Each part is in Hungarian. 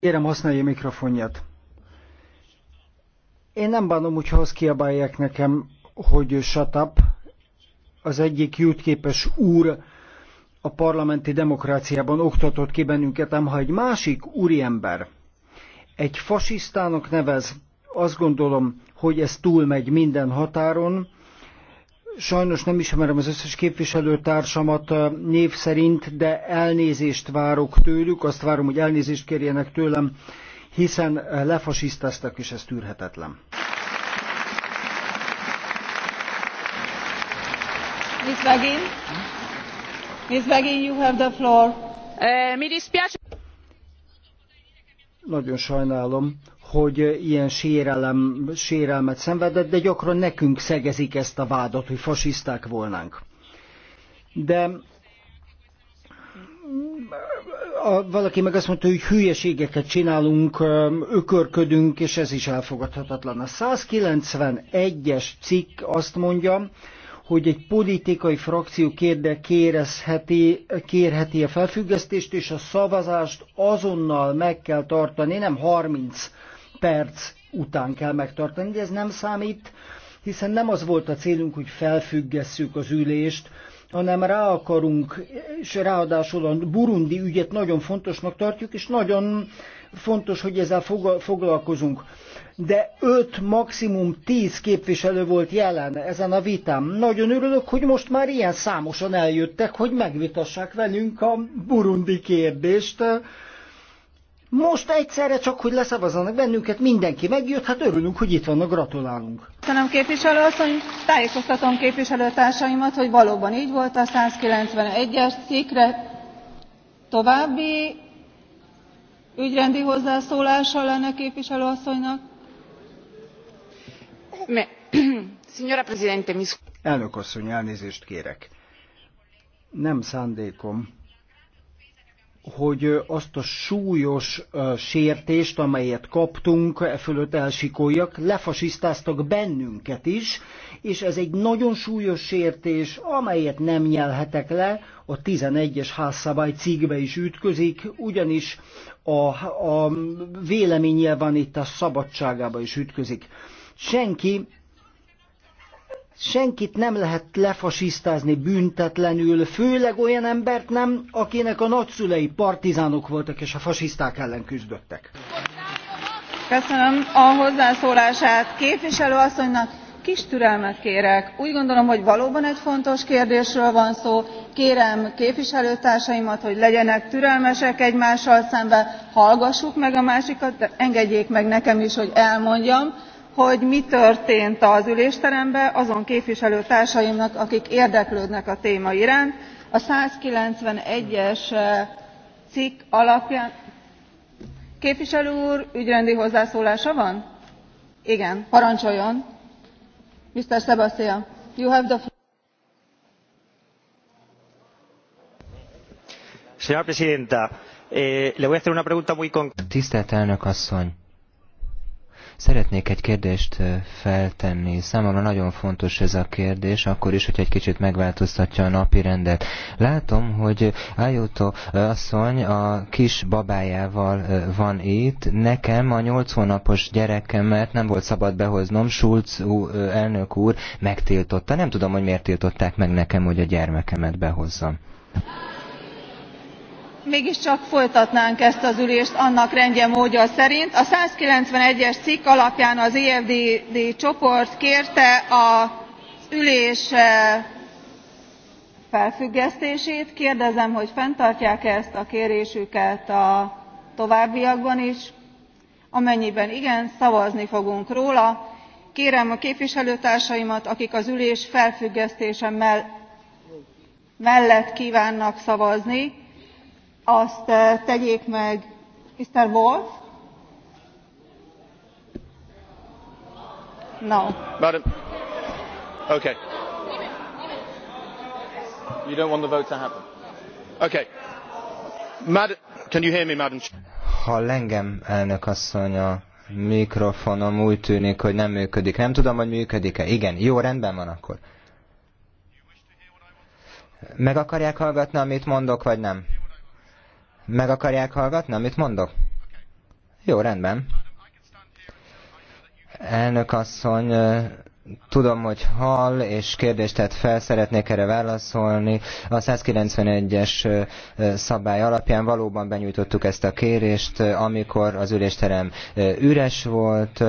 Kérem, használja a mikrofonját. Én nem bánom, hogyha azt kiabálják nekem, hogy shut up. Az egyik jutképes úr a parlamenti demokráciában oktatott ki bennünket, ám ha egy másik úriember egy fasisztának nevez, azt gondolom, hogy ez túlmegy minden határon, sajnos nem ismerem az összes képviselőtársamat név szerint, de elnézést várok tőlük, azt várom, hogy elnézést kérjenek tőlem, hiszen lefasisztáztak, és ez tűrhetetlen. Miss Begin? Miss Begin, you have the floor. mi dispiace... Nagyon sajnálom, hogy ilyen sérelem, sérelmet szenvedett, de gyakran nekünk szegezik ezt a vádat, hogy fasiszták volnánk. De a, valaki meg azt mondta, hogy hülyeségeket csinálunk, ökörködünk, és ez is elfogadhatatlan. A 191-es cikk azt mondja, hogy egy politikai frakció kérde kérezheti, kérheti a felfüggesztést, és a szavazást azonnal meg kell tartani, nem 30 perc után kell megtartani, de ez nem számít, hiszen nem az volt a célunk, hogy felfüggesszük az ülést, hanem rá akarunk, és ráadásul a burundi ügyet nagyon fontosnak tartjuk, és nagyon fontos, hogy ezzel foglalkozunk. De öt maximum tíz képviselő volt jelen ezen a vitám. Nagyon örülök, hogy most már ilyen számosan eljöttek, hogy megvitassák velünk a burundi kérdést. Most egyszerre csak, hogy leszavazzanak bennünket, mindenki megjött, hát örülünk, hogy itt vannak, gratulálunk. Köszönöm képviselő asszony, tájékoztatom képviselőtársaimat, hogy valóban így volt a 191-es cikre További ügyrendi hozzászólása lenne képviselő asszonynak? Signora Presidente, mi... Elnök asszony, elnézést kérek. Nem szándékom hogy azt a súlyos sértést, amelyet kaptunk, e fölött elsikoljak, lefasisztáztak bennünket is, és ez egy nagyon súlyos sértés, amelyet nem nyelhetek le, a 11-es házszabály cikkbe is ütközik, ugyanis a, a véleménynyilvánítás szabadságába is ütközik. Senki Senkit nem lehet lefasisztázni büntetlenül, főleg olyan embert nem, akinek a nagyszülei partizánok voltak és a fasiszták ellen küzdöttek. Köszönöm a hozzászólását képviselőasszonynak. kis türelmet kérek úgy gondolom hogy valóban egy fontos kérdésről van szó kérem képviselőtársaimat hogy legyenek türelmesek egymással szemben hallgassuk meg a másikat de engedjék meg nekem is hogy elmondjam hogy mi történt az ülésteremben azon képviselőtársaimnak akik érdeklődnek a téma iránt a one hundred and ninety one es cikk alapján képviselő úr ügyrendi hozzászólása van? igen parancsoljon! mr sebastian you have the floor. tisztelt elnök asszony! Szeretnék egy kérdést feltenni. Számomra nagyon fontos ez a kérdés, akkor is, hogy egy kicsit megváltoztatja a napi rendet. Látom, hogy Ájutó asszony a kis babájával van itt. Nekem a nyolc hónapos gyerekemet nem volt szabad behoznom. Schulz elnök úr megtiltotta. Nem tudom, hogy miért tiltották meg nekem, hogy a gyermekemet behozzam mégiscsak folytatnánk ezt az ülést annak rendje módja szerint. a one hundred and ninety one es cikk alapján az efdd csoport kérte az ülés eh, felfüggesztését. kérdezem hogy fenntartják e ezt a kérésüket a továbbiakban is? amennyiben igen szavazni fogunk róla. kérem a képviselőtársaimat akik az ülés felfüggesztése mellett kvánnak szavazni azt eh, tegyék meg mr wolf no madam okay you don't want the vote to happen okay madam can you hear me madam Ha lengem elnök asszony a mikrofonom úgy tűnik hogy nem működik nem tudom hogy működik e igen jó rendben van akkor meg akarják hallgatni amit mondok vagy nem meg akarják hallgatni, amit mondok? Jó, rendben. Elnök asszony, tudom, hogy hall, és kérdést tett fel, szeretnék erre válaszolni. A 191-es szabály alapján valóban benyújtottuk ezt a kérést, amikor az ülésterem üres volt.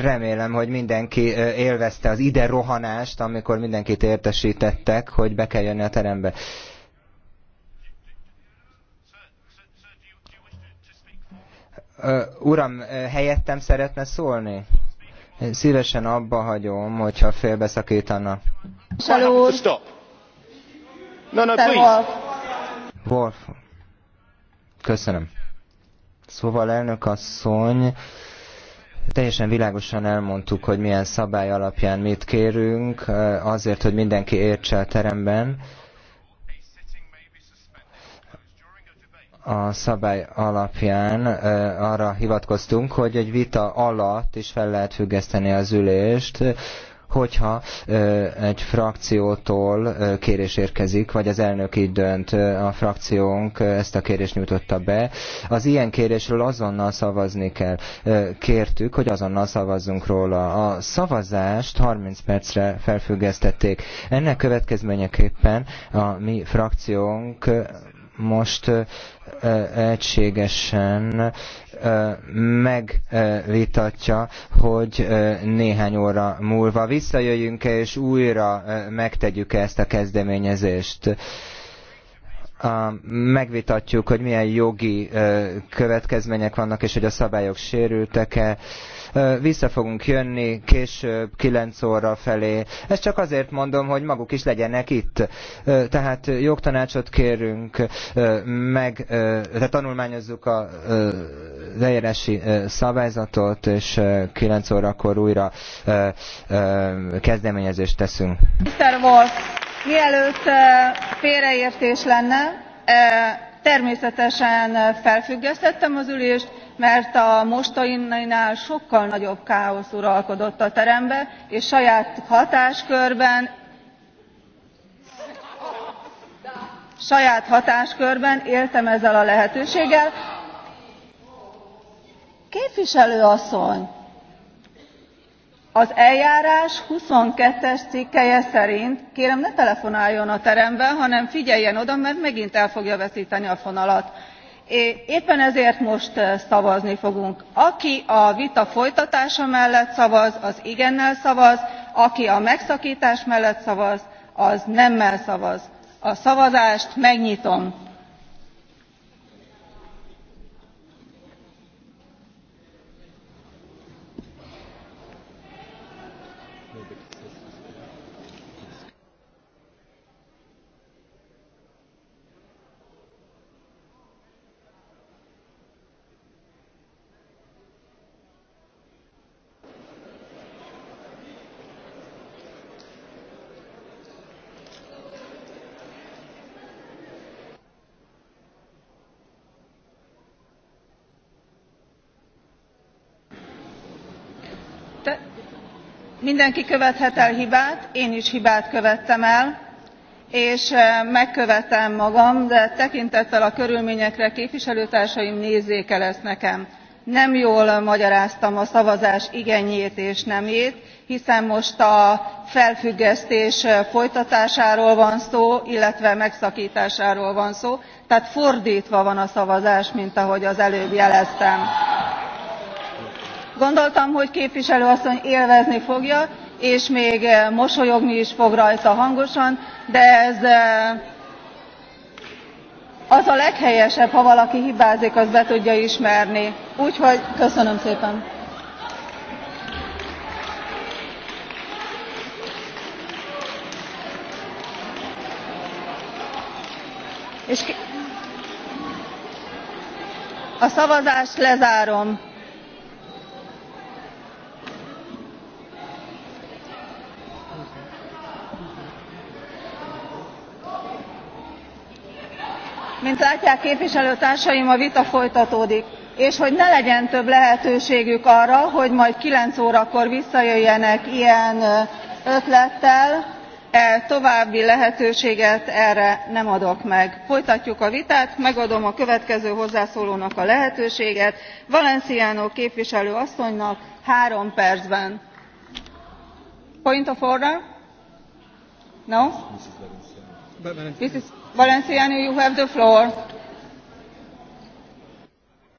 Remélem, hogy mindenki élvezte az ide rohanást, amikor mindenkit értesítettek, hogy be kell jönni a terembe. Uram, helyettem szeretne szólni? Én szívesen abba hagyom, hogyha félbeszakítana. Stop. No, no, please. Wolf. Köszönöm. Szóval elnök asszony, teljesen világosan elmondtuk, hogy milyen szabály alapján mit kérünk, azért, hogy mindenki értse a teremben. a szabály alapján arra hivatkoztunk, hogy egy vita alatt is fel lehet függeszteni az ülést, hogyha egy frakciótól kérés érkezik, vagy az elnök így dönt, a frakciónk ezt a kérést nyújtotta be. Az ilyen kérésről azonnal szavazni kell. Kértük, hogy azonnal szavazzunk róla. A szavazást 30 percre felfüggesztették. Ennek következményeképpen a mi frakciónk most egységesen megvitatja, hogy néhány óra múlva visszajöjjünk-e, és újra megtegyük -e ezt a kezdeményezést megvitatjuk, hogy milyen jogi következmények vannak, és hogy a szabályok sérültek-e. Vissza fogunk jönni később, 9 óra felé. Ezt csak azért mondom, hogy maguk is legyenek itt. Tehát jogtanácsot kérünk, meg, tehát tanulmányozzuk a lejelesi szabályzatot, és 9 órakor újra kezdeményezést teszünk. Mr. Wolf mielőtt félreértés lenne természetesen felfüggesztettem az ülést mert a mostaninál sokkal nagyobb káosz uralkodott a teremben és saját hatáskörben saját hatáskörben éltem ezzel a lehetőséggel. képviselő asszony! az eljárás twenty two es cikkelye szerint kérem ne telefonáljon a terembe hanem figyeljen oda mert megint el fogja veszteni a fonalat. éppen ezért most eh, szavazni fogunk. aki a vita folytatása mellett szavaz az igennel szavaz aki a megszaktás mellett szavaz az nemmel szavaz. a szavazást megnyitom. mindenki követhet el hibát én is hibát követtem el és megkövetem magam de tekintettel a körülményekre képviselőtársaim nézzék el ezt nekem nem jól magyaráztam a szavazás igenjét és nemét hiszen most a felfüggesztés folytatásáról van szó illetve megszaktásáról van szó tehát fordtva van a szavazás mint ahogy az előbb jeleztem gondoltam hogy képviselő asszony élvezni fogja és még eh, mosolyogni is fog rajta hangosan de ez eh, az a leghelyesebb ha valaki hibázik azt be tudja ismerni úgyhogy köszönöm szépen. a szavazást lezárom. mint látják képviselőtársaim a vita folytatódik és hogy ne legyen több lehetőségük arra hogy majd nine órakor visszajöjjenek ilyen ötlettel e további lehetőséget erre nem adok meg. folytatjuk a vitát megadom a következő hozzászólónak a lehetőséget valenciano képviselő asszonynak három percben. point of order? no? valenciano you have the floor.